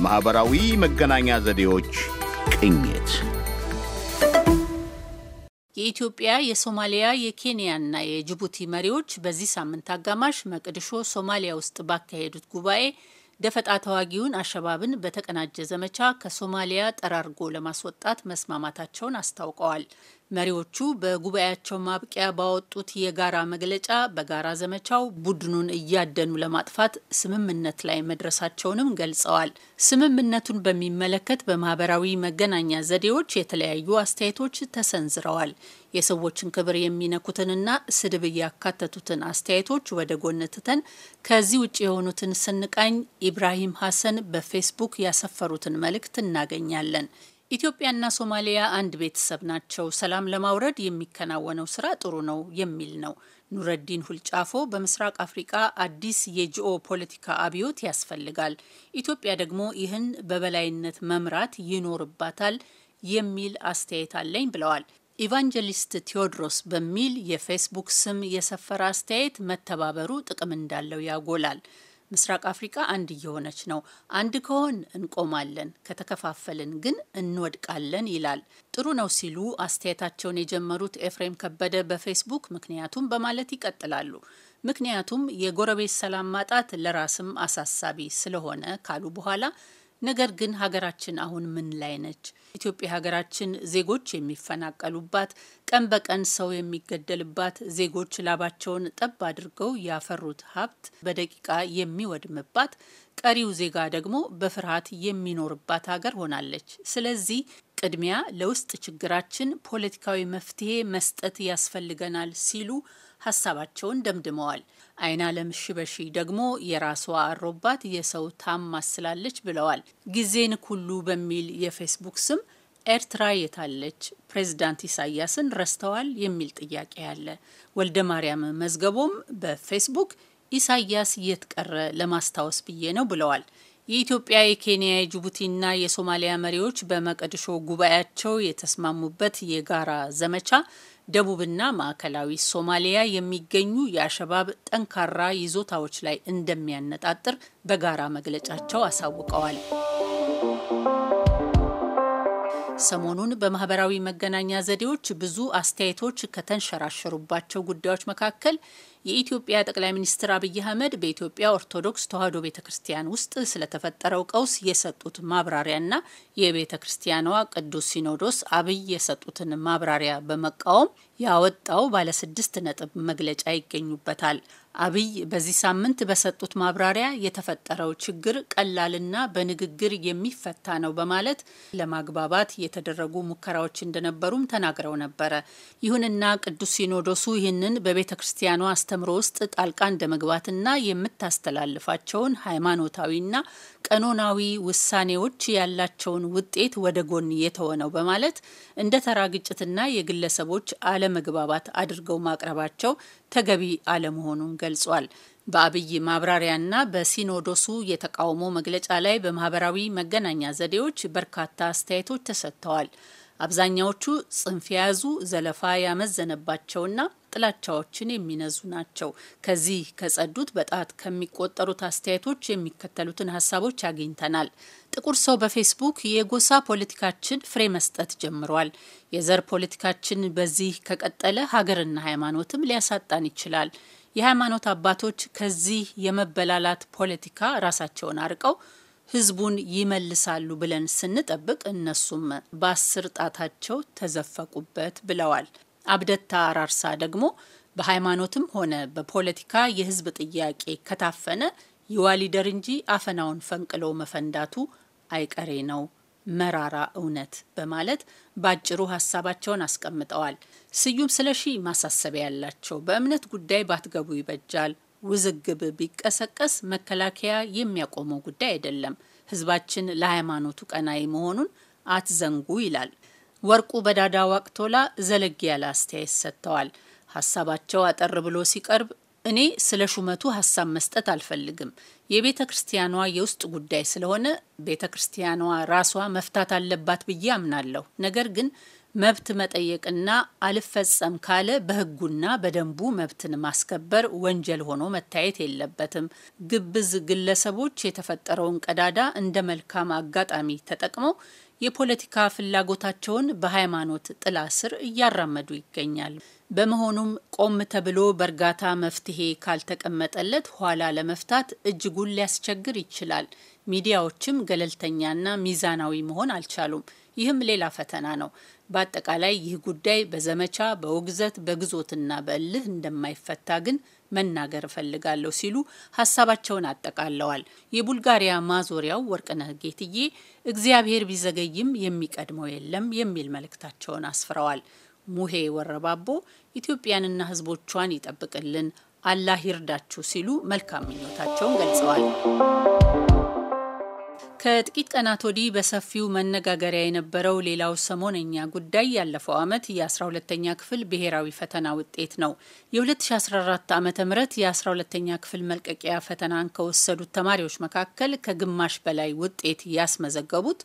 የማኅበራዊ መገናኛ ዘዴዎች ቅኝት የኢትዮጵያ፣ የሶማሊያ፣ የኬንያና የጅቡቲ መሪዎች በዚህ ሳምንት አጋማሽ መቅድሾ ሶማሊያ ውስጥ ባካሄዱት ጉባኤ ደፈጣ ተዋጊውን አሸባብን በተቀናጀ ዘመቻ ከሶማሊያ ጠራርጎ ለማስወጣት መስማማታቸውን አስታውቀዋል። መሪዎቹ በጉባኤያቸው ማብቂያ ባወጡት የጋራ መግለጫ በጋራ ዘመቻው ቡድኑን እያደኑ ለማጥፋት ስምምነት ላይ መድረሳቸውንም ገልጸዋል። ስምምነቱን በሚመለከት በማህበራዊ መገናኛ ዘዴዎች የተለያዩ አስተያየቶች ተሰንዝረዋል። የሰዎችን ክብር የሚነኩትንና ስድብ እያካተቱትን አስተያየቶች ወደ ጎን ትተን ከዚህ ውጭ የሆኑትን ስንቃኝ ኢብራሂም ሀሰን በፌስቡክ ያሰፈሩትን መልእክት እናገኛለን። ኢትዮጵያና ሶማሊያ አንድ ቤተሰብ ናቸው። ሰላም ለማውረድ የሚከናወነው ስራ ጥሩ ነው የሚል ነው ኑረዲን ሁልጫፎ። በምስራቅ አፍሪቃ አዲስ የጂኦ ፖለቲካ አብዮት ያስፈልጋል፣ ኢትዮጵያ ደግሞ ይህን በበላይነት መምራት ይኖርባታል የሚል አስተያየት አለኝ ብለዋል። ኢቫንጀሊስት ቴዎድሮስ በሚል የፌስቡክ ስም የሰፈረ አስተያየት መተባበሩ ጥቅም እንዳለው ያጎላል። ምስራቅ አፍሪቃ አንድ እየሆነች ነው። አንድ ከሆን እንቆማለን፣ ከተከፋፈልን ግን እንወድቃለን ይላል። ጥሩ ነው ሲሉ አስተያየታቸውን የጀመሩት ኤፍሬም ከበደ በፌስቡክ ምክንያቱም በማለት ይቀጥላሉ። ምክንያቱም የጎረቤት ሰላም ማጣት ለራስም አሳሳቢ ስለሆነ ካሉ በኋላ ነገር ግን ሀገራችን አሁን ምን ላይ ነች? ኢትዮጵያ ሀገራችን ዜጎች የሚፈናቀሉባት፣ ቀን በቀን ሰው የሚገደልባት፣ ዜጎች ላባቸውን ጠብ አድርገው ያፈሩት ሀብት በደቂቃ የሚወድምባት፣ ቀሪው ዜጋ ደግሞ በፍርሃት የሚኖርባት ሀገር ሆናለች። ስለዚህ ቅድሚያ ለውስጥ ችግራችን ፖለቲካዊ መፍትሄ መስጠት ያስፈልገናል ሲሉ ሀሳባቸውን ደምድመዋል። አይን አለም ሽበሺ ደግሞ የራሷ አሮባት የሰው ታማስላለች ብለዋል። ጊዜን ኩሉ በሚል የፌስቡክ ስም ኤርትራ የታለች ፕሬዝዳንት ኢሳያስን ረስተዋል የሚል ጥያቄ አለ። ወልደ ማርያም መዝገቦም በፌስቡክ ኢሳያስ የት ቀረ ለማስታወስ ብዬ ነው ብለዋል። የኢትዮጵያ የኬንያ የጅቡቲና የሶማሊያ መሪዎች በመቀድሾ ጉባኤያቸው የተስማሙበት የጋራ ዘመቻ ደቡብና ማዕከላዊ ሶማሊያ የሚገኙ የአሸባብ ጠንካራ ይዞታዎች ላይ እንደሚያነጣጥር በጋራ መግለጫቸው አሳውቀዋል። ሰሞኑን በማህበራዊ መገናኛ ዘዴዎች ብዙ አስተያየቶች ከተንሸራሸሩባቸው ጉዳዮች መካከል የኢትዮጵያ ጠቅላይ ሚኒስትር አብይ አህመድ በኢትዮጵያ ኦርቶዶክስ ተዋሕዶ ቤተ ክርስቲያን ውስጥ ስለተፈጠረው ቀውስ የሰጡት ማብራሪያና የቤተ ክርስቲያኗ ቅዱስ ሲኖዶስ አብይ የሰጡትን ማብራሪያ በመቃወም ያወጣው ባለስድስት ነጥብ መግለጫ ይገኙበታል። አብይ በዚህ ሳምንት በሰጡት ማብራሪያ የተፈጠረው ችግር ቀላልና በንግግር የሚፈታ ነው በማለት ለማግባባት የተደረጉ ሙከራዎች እንደነበሩም ተናግረው ነበረ። ይሁንና ቅዱስ ሲኖዶሱ ይህንን በቤተ ክርስቲያኗ አስተምሮ ውስጥ ጣልቃ እንደመግባትና የምታስተላልፋቸውን ሃይማኖታዊና ቀኖናዊ ውሳኔዎች ያላቸውን ውጤት ወደ ጎን የተወ ነው በማለት እንደ ተራ ግጭትና የግለሰቦች አለመግባባት አድርገው ማቅረባቸው ተገቢ አለመሆኑን ገልጿል። በአብይ ማብራሪያና በሲኖዶሱ የተቃውሞ መግለጫ ላይ በማህበራዊ መገናኛ ዘዴዎች በርካታ አስተያየቶች ተሰጥተዋል። አብዛኛዎቹ ጽንፍ የያዙ ዘለፋ ያመዘነባቸውና ጥላቻዎችን የሚነዙ ናቸው። ከዚህ ከጸዱት በጣት ከሚቆጠሩት አስተያየቶች የሚከተሉትን ሀሳቦች አግኝተናል። ጥቁር ሰው በፌስቡክ የጎሳ ፖለቲካችን ፍሬ መስጠት ጀምሯል። የዘር ፖለቲካችን በዚህ ከቀጠለ ሀገርና ሃይማኖትም ሊያሳጣን ይችላል። የሃይማኖት አባቶች ከዚህ የመበላላት ፖለቲካ ራሳቸውን አርቀው ህዝቡን ይመልሳሉ ብለን ስንጠብቅ እነሱም በአስር ጣታቸው ተዘፈቁበት ብለዋል። አብደታ አራርሳ ደግሞ በሃይማኖትም ሆነ በፖለቲካ የህዝብ ጥያቄ ከታፈነ ይዋሊደር እንጂ አፈናውን ፈንቅሎ መፈንዳቱ አይቀሬ ነው መራራ እውነት በማለት ባጭሩ ሀሳባቸውን አስቀምጠዋል። ስዩም ስለሺ ማሳሰቢያ ያላቸው በእምነት ጉዳይ ባትገቡ ይበጃል። ውዝግብ ቢቀሰቀስ መከላከያ የሚያቆመው ጉዳይ አይደለም። ህዝባችን ለሃይማኖቱ ቀናይ መሆኑን አትዘንጉ ይላል። ወርቁ በዳዳ ዋቅቶላ ዘለግ ያለ አስተያየት ሰጥተዋል። ሀሳባቸው አጠር ብሎ ሲቀርብ እኔ ስለ ሹመቱ ሀሳብ መስጠት አልፈልግም። የቤተ ክርስቲያኗ የውስጥ ጉዳይ ስለሆነ ቤተ ክርስቲያኗ ራሷ መፍታት አለባት ብዬ አምናለሁ። ነገር ግን መብት መጠየቅና አልፈጸም ካለ በሕጉና በደንቡ መብትን ማስከበር ወንጀል ሆኖ መታየት የለበትም። ግብዝ ግለሰቦች የተፈጠረውን ቀዳዳ እንደ መልካም አጋጣሚ ተጠቅመው የፖለቲካ ፍላጎታቸውን በሃይማኖት ጥላ ስር እያራመዱ ይገኛል። በመሆኑም ቆም ተብሎ በእርጋታ መፍትሄ ካልተቀመጠለት ኋላ ለመፍታት እጅጉን ሊያስቸግር ይችላል። ሚዲያዎችም ገለልተኛና ሚዛናዊ መሆን አልቻሉም። ይህም ሌላ ፈተና ነው። በአጠቃላይ ይህ ጉዳይ በዘመቻ በውግዘት በግዞትና በእልህ እንደማይፈታ ግን መናገር እፈልጋለሁ ሲሉ ሀሳባቸውን አጠቃለዋል። የቡልጋሪያ ማዞሪያው ወርቅነህ ጌትዬ እግዚአብሔር ቢዘገይም የሚቀድመው የለም የሚል መልእክታቸውን አስፍረዋል። ሙሄ ወረባቦ ኢትዮጵያንና ሕዝቦቿን ይጠብቅልን፣ አላህ ይርዳችሁ ሲሉ መልካም ምኞታቸውን ገልጸዋል። ከጥቂት ቀናት ወዲህ በሰፊው መነጋገሪያ የነበረው ሌላው ሰሞነኛ ጉዳይ ያለፈው ዓመት የ12ተኛ ክፍል ብሔራዊ ፈተና ውጤት ነው። የ2014 ዓ ም የ12ተኛ ክፍል መልቀቂያ ፈተናን ከወሰዱት ተማሪዎች መካከል ከግማሽ በላይ ውጤት ያስመዘገቡት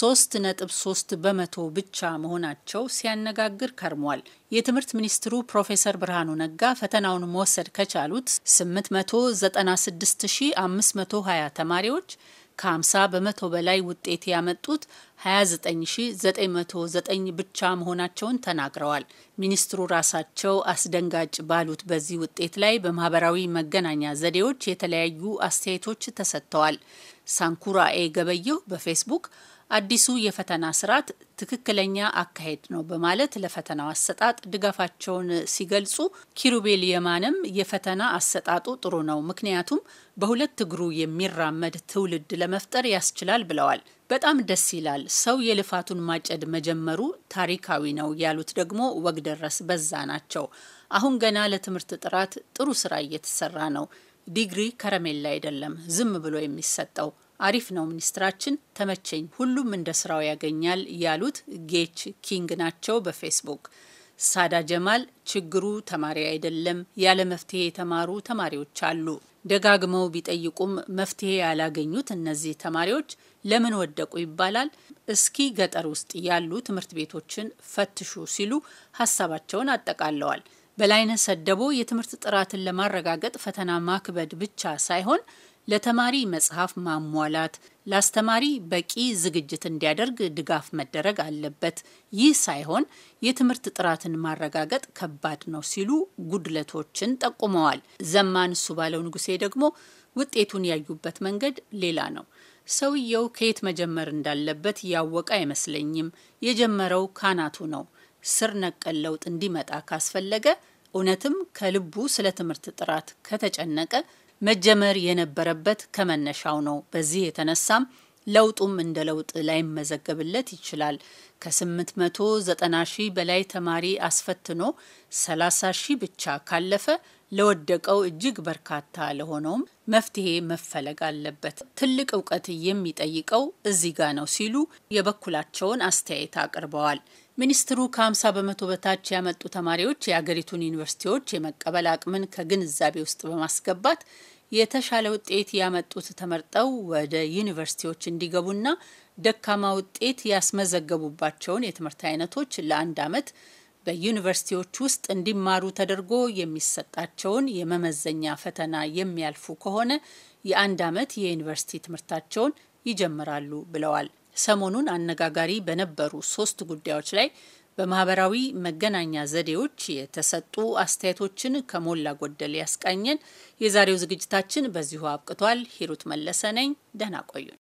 ሶስት ነጥብ ሶስት በመቶ ብቻ መሆናቸው ሲያነጋግር ከርሟል። የትምህርት ሚኒስትሩ ፕሮፌሰር ብርሃኑ ነጋ ፈተናውን መወሰድ ከቻሉት 896520 ተማሪዎች ከ50 በመቶ በላይ ውጤት ያመጡት 29909 ብቻ መሆናቸውን ተናግረዋል። ሚኒስትሩ ራሳቸው አስደንጋጭ ባሉት በዚህ ውጤት ላይ በማህበራዊ መገናኛ ዘዴዎች የተለያዩ አስተያየቶች ተሰጥተዋል። ሳንኩራኤ ገበየው በፌስቡክ አዲሱ የፈተና ስርዓት ትክክለኛ አካሄድ ነው በማለት ለፈተናው አሰጣጥ ድጋፋቸውን ሲገልጹ ኪሩቤል የማንም የፈተና አሰጣጡ ጥሩ ነው፣ ምክንያቱም በሁለት እግሩ የሚራመድ ትውልድ ለመፍጠር ያስችላል ብለዋል። በጣም ደስ ይላል ሰው የልፋቱን ማጨድ መጀመሩ ታሪካዊ ነው ያሉት ደግሞ ወግደረስ በዛ ናቸው። አሁን ገና ለትምህርት ጥራት ጥሩ ስራ እየተሰራ ነው። ዲግሪ ከረሜላ አይደለም ዝም ብሎ የሚሰጠው አሪፍ ነው ሚኒስትራችን፣ ተመቸኝ፣ ሁሉም እንደ ስራው ያገኛል ያሉት ጌች ኪንግ ናቸው። በፌስቡክ ሳዳ ጀማል ችግሩ ተማሪ አይደለም፣ ያለ መፍትሄ የተማሩ ተማሪዎች አሉ። ደጋግመው ቢጠይቁም መፍትሄ ያላገኙት እነዚህ ተማሪዎች ለምን ወደቁ ይባላል። እስኪ ገጠር ውስጥ ያሉ ትምህርት ቤቶችን ፈትሹ ሲሉ ሀሳባቸውን አጠቃለዋል። በላይነ ሰደቦ የትምህርት ጥራትን ለማረጋገጥ ፈተና ማክበድ ብቻ ሳይሆን ለተማሪ መጽሐፍ ማሟላት፣ ለአስተማሪ በቂ ዝግጅት እንዲያደርግ ድጋፍ መደረግ አለበት። ይህ ሳይሆን የትምህርት ጥራትን ማረጋገጥ ከባድ ነው ሲሉ ጉድለቶችን ጠቁመዋል። ዘማን እሱ ባለው ንጉሴ ደግሞ ውጤቱን ያዩበት መንገድ ሌላ ነው። ሰውየው ከየት መጀመር እንዳለበት ያወቀ አይመስለኝም። የጀመረው ካናቱ ነው። ስር ነቀል ለውጥ እንዲመጣ ካስፈለገ እውነትም ከልቡ ስለ ትምህርት ጥራት ከተጨነቀ መጀመር የነበረበት ከመነሻው ነው። በዚህ የተነሳም ለውጡም እንደ ለውጥ ላይመዘገብለት ይችላል። ከ890 ሺህ በላይ ተማሪ አስፈትኖ 30 ሺህ ብቻ ካለፈ ለወደቀው እጅግ በርካታ ለሆነውም መፍትሄ መፈለግ አለበት። ትልቅ እውቀት የሚጠይቀው እዚህ ጋ ነው ሲሉ የበኩላቸውን አስተያየት አቅርበዋል። ሚኒስትሩ ከ50 በመቶ በታች ያመጡ ተማሪዎች የአገሪቱን ዩኒቨርሲቲዎች የመቀበል አቅምን ከግንዛቤ ውስጥ በማስገባት የተሻለ ውጤት ያመጡት ተመርጠው ወደ ዩኒቨርሲቲዎች እንዲገቡና ደካማ ውጤት ያስመዘገቡባቸውን የትምህርት አይነቶች ለአንድ ዓመት በዩኒቨርሲቲዎች ውስጥ እንዲማሩ ተደርጎ የሚሰጣቸውን የመመዘኛ ፈተና የሚያልፉ ከሆነ የአንድ ዓመት የዩኒቨርሲቲ ትምህርታቸውን ይጀምራሉ ብለዋል። ሰሞኑን አነጋጋሪ በነበሩ ሶስት ጉዳዮች ላይ በማህበራዊ መገናኛ ዘዴዎች የተሰጡ አስተያየቶችን ከሞላ ጎደል ያስቃኘን የዛሬው ዝግጅታችን በዚሁ አብቅቷል። ሂሩት መለሰ ነኝ። ደህና ቆዩን።